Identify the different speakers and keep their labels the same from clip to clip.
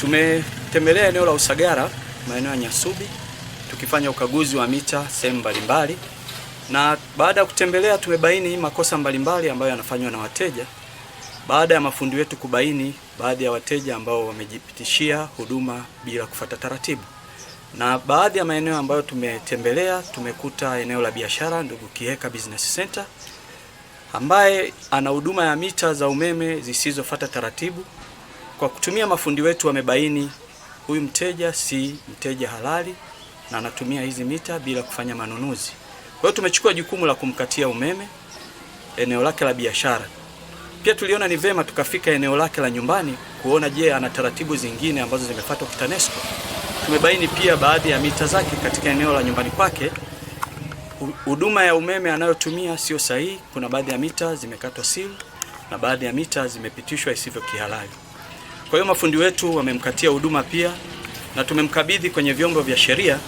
Speaker 1: Tumetembelea eneo la Usagara maeneo ya Nyasubi tukifanya ukaguzi wa mita sehemu mbalimbali, na baada ya kutembelea tumebaini makosa mbalimbali ambayo yanafanywa na wateja, baada ya mafundi wetu kubaini baadhi ya wateja ambao wamejipitishia huduma bila kufata taratibu. Na baadhi ya maeneo ambayo tumetembelea, tumekuta eneo la biashara ndugu Kiheka Business Center ambaye ana huduma ya mita za umeme zisizofuata taratibu. Kwa kutumia mafundi wetu wamebaini huyu mteja si mteja halali na anatumia hizi mita bila kufanya manunuzi. Kwa hiyo tumechukua jukumu la kumkatia umeme eneo lake la biashara. Pia tuliona ni vema tukafika eneo lake la nyumbani kuona, je, ana taratibu zingine ambazo zimefuatwa kitanesco. Tumebaini pia baadhi ya mita zake katika eneo la nyumbani kwake, huduma ya umeme anayotumia sio sahihi. Kuna baadhi ya mita zimekatwa siri na baadhi ya mita zimepitishwa isivyo kihalali. Kwa hiyo mafundi wetu wamemkatia huduma pia na tumemkabidhi kwenye vyombo vya sheria,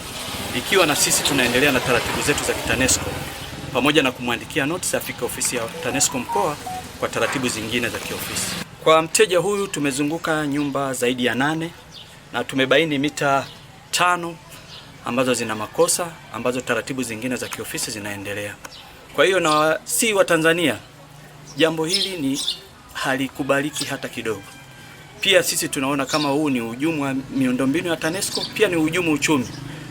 Speaker 1: ikiwa na sisi tunaendelea na taratibu zetu za kitanesco pamoja na kumwandikia notice afike ofisi ya TANESCO mkoa kwa taratibu zingine za kiofisi. Kwa mteja huyu tumezunguka nyumba zaidi ya nane na tumebaini mita tano ambazo zina makosa ambazo taratibu zingine za kiofisi zinaendelea. Kwa hiyo na si wa Tanzania, jambo hili ni halikubaliki hata kidogo. Pia sisi tunaona kama huu ni uhujumu wa miundombinu ya TANESCO, pia ni uhujumu uchumi.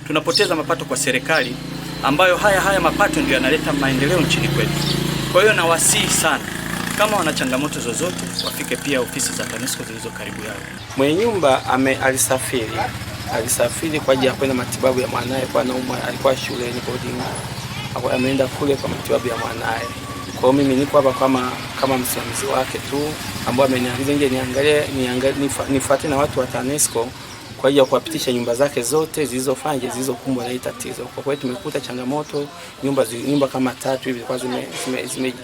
Speaker 1: Tunapoteza mapato kwa serikali ambayo haya haya mapato ndio yanaleta maendeleo nchini kwetu. Kwa hiyo nawasihi sana kama wana changamoto zozote wafike pia ofisi za TANESCO zilizo karibu yao.
Speaker 2: Mwenye nyumba ame alisafiri alisafiri kwa ajili ya kwenda matibabu ya mwanaye, kwa anaumwa, alikuwa shuleni boarding, ameenda kule kwa matibabu ya mwanaye. Kwa hiyo mimi niko hapa kama kama msimamizi wake tu ambao ameniagiza nje niangalie nifuate na watu wa TANESCO kwa ajili ya kuwapitisha nyumba zake zote zilizofanya zilizokumbwa na tatizo. Kwa kweli tumekuta changamoto nyumba zi, nyumba kama tatu hivi kwa zime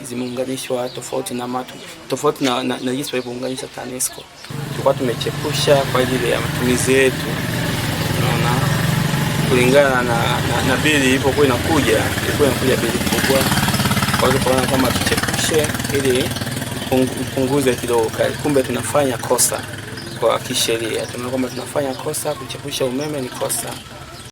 Speaker 2: zimeunganishwa zime, zime tofauti na matu tofauti na na, na jinsi walivyounganisha TANESCO. Tulikuwa tumechepusha kwa ajili ya matumizi yetu. Unaona kulingana na na, na bili ilipokuwa inakuja ilikuwa inakuja bili kubwa. Kwa hiyo tukaona kwamba tuchepushe ili upunguze kidogo kali. Kumbe tunafanya kosa kwa kisheria, tunaona kwamba tunafanya kosa. Kuchepusha umeme ni kosa.